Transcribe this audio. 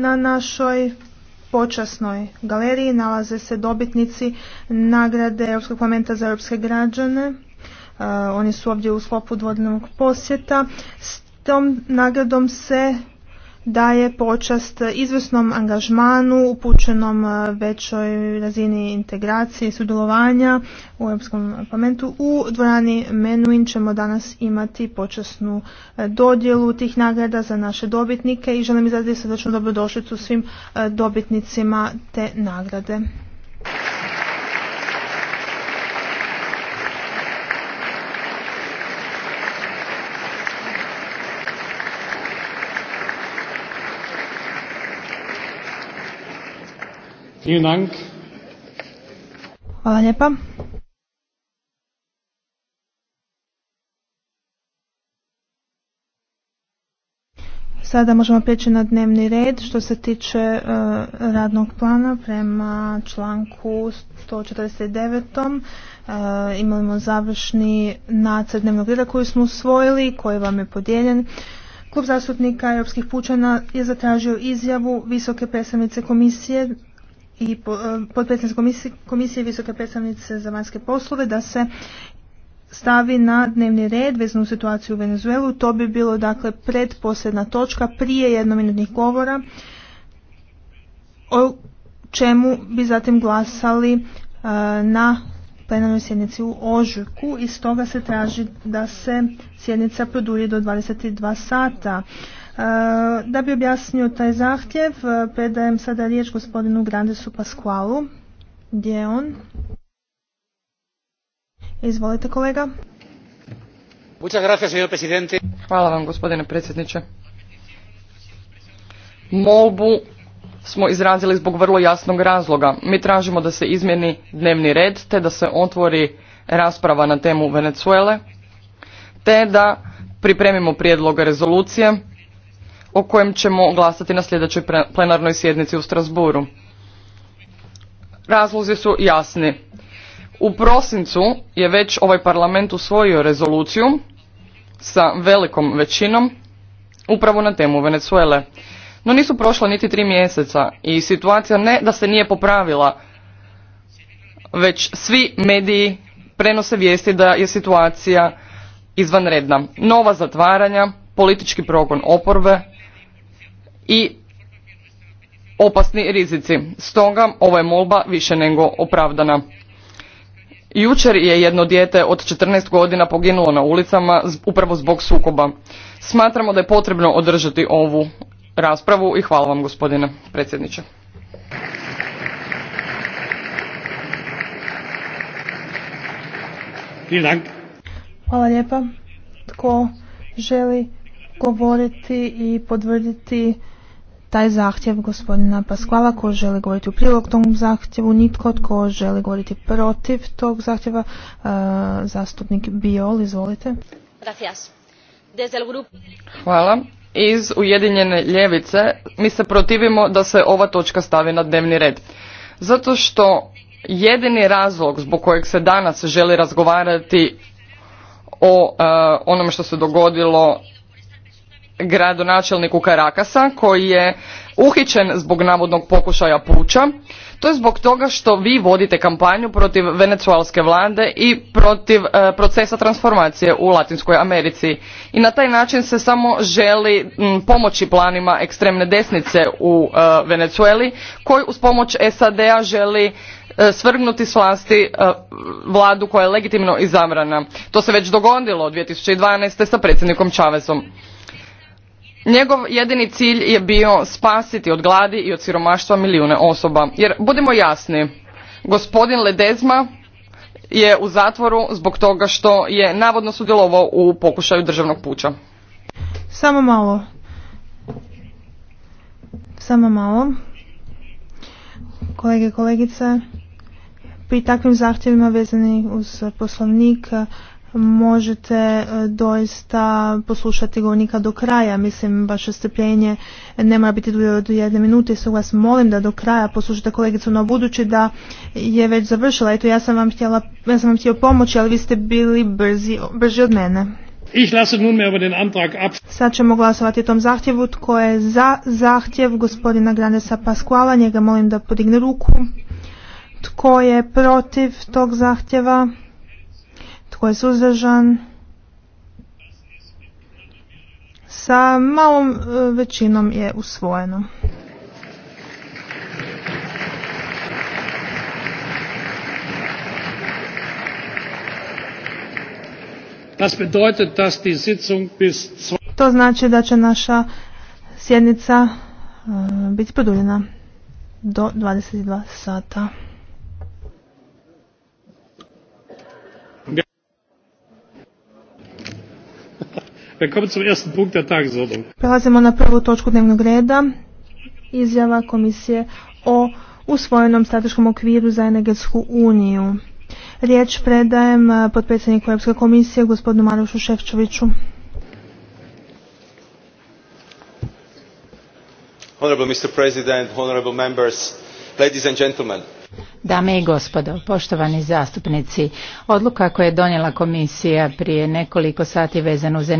Na našoj počasnoj galeriji nalaze se dobitnici nagrade Europskog komenta za europske građane. Uh, oni su ovdje u sklopu dvodnevnog posjeta. S tom nagradom se daje počast izvrsnom angažmanu upućenom e, većoj razini integracije i sudjelovanja u Europskom parlamentu. U dvorani Menuin ćemo danas imati počasnu e, dodjelu tih nagrada za naše dobitnike i želim izraziti srdečnu dobrodošlicu svim e, dobitnicima te nagrade. Hvala lijepa. Sada možemo prijeći na dnevni red što se tiče e, radnog plana prema članku 149. Uh, e, imamo završni nacrt dnevnog reda koji smo usvojili, koji vam je podijeljen. Klub zastupnika Europskih pučana je zatražio izjavu visoke predstavnice komisije i e, potpredsjednice komisije, komisije visoke predstavnice za vanjske poslove da se stavi na dnevni red veznu situaciju u Venezuelu. To bi bilo dakle predposljedna točka prije jednominutnih govora o čemu bi zatim glasali e, na plenarnoj sjednici u Ožujku i stoga se traži da se sjednica produlji do 22 sata. Da bi objasnio taj zahtjev, eh, predajem sada riječ gospodinu Grandesu Pasqualu. Gdje je on? Izvolite kolega. Hvala vam gospodine predsjedniče. Molbu smo izrazili zbog vrlo jasnog razloga. Mi tražimo da se izmjeni dnevni red te da se otvori rasprava na temu Venezuele te da pripremimo prijedlog rezolucije o kojem ćemo glasati na sljedećoj plenarnoj sjednici u Strasburu. Razlozi su jasni. U prosincu je već ovaj parlament usvojio rezoluciju sa velikom većinom upravo na temu Venezuele. No nisu prošla niti tri mjeseca i situacija ne da se nije popravila, već svi mediji prenose vijesti da je situacija izvanredna. Nova zatvaranja, politički progon oporbe, i opasni rizici. Stoga ova je molba više nego opravdana. Jučer je jedno dijete od 14 godina poginulo na ulicama upravo zbog sukoba. Smatramo da je potrebno održati ovu raspravu i hvala vam gospodine predsjedniče. Hvala lijepa. Tko želi govoriti i podvrditi taj zahtjev gospodina Paskvala ko želi govoriti u prilog tom zahtjevu, nitko tko želi govoriti protiv tog zahtjeva, e, zastupnik Biol, izvolite. Hvala. Iz Ujedinjene ljevice mi se protivimo da se ova točka stavi na dnevni red. Zato što jedini razlog zbog kojeg se danas želi razgovarati o e, onome što se dogodilo gradonačelniku Karakasa koji je uhićen zbog navodnog pokušaja puća. To je zbog toga što vi vodite kampanju protiv venecualske vlade i protiv e, procesa transformacije u Latinskoj Americi. I na taj način se samo želi pomoći planima ekstremne desnice u Venezueli Venecueli koji uz pomoć SAD-a želi e, svrgnuti s vlasti e, vladu koja je legitimno izabrana. To se već dogodilo 2012. sa predsjednikom Čavezom. Njegov jedini cilj je bio spasiti od gladi i od siromaštva milijune osoba. Jer, budimo jasni, gospodin Ledezma je u zatvoru zbog toga što je navodno sudjelovao u pokušaju državnog puća. Samo malo. Samo malo. Kolege i kolegice, pri takvim zahtjevima vezani uz poslovnik možete e, doista poslušati govornika do kraja. Mislim, vaše strpljenje ne mora biti dulje od jedne minute i vas molim da do kraja poslušate kolegicu, no budući da je već završila, eto ja sam vam, htjela, ja sam vam htio pomoći, ali vi ste bili brzi, brži od mene. Ich lasse über den Antrag ab. Sad ćemo glasovati o tom zahtjevu. Tko je za zahtjev gospodina Granesa Pasquala? Njega molim da podigne ruku. Tko je protiv tog zahtjeva? Tko je suzdržan? Sa malom e, većinom je usvojeno. To znači da će naša sjednica e, biti produljena do 22 sata. Prelazimo na prvu točku dnevnog reda, izjava komisije o usvojenom strateškom okviru za energetsku uniju. Riječ predajem eh, potpredsjedniku Europske komisije gospodinu Marušu Ševčoviću. Honorable Mr. President, honorable members, ladies and gentlemen. Dame i gospodo, poštovani zastupnici, odluka koju je donijela komisija prije nekoliko sati vezano uz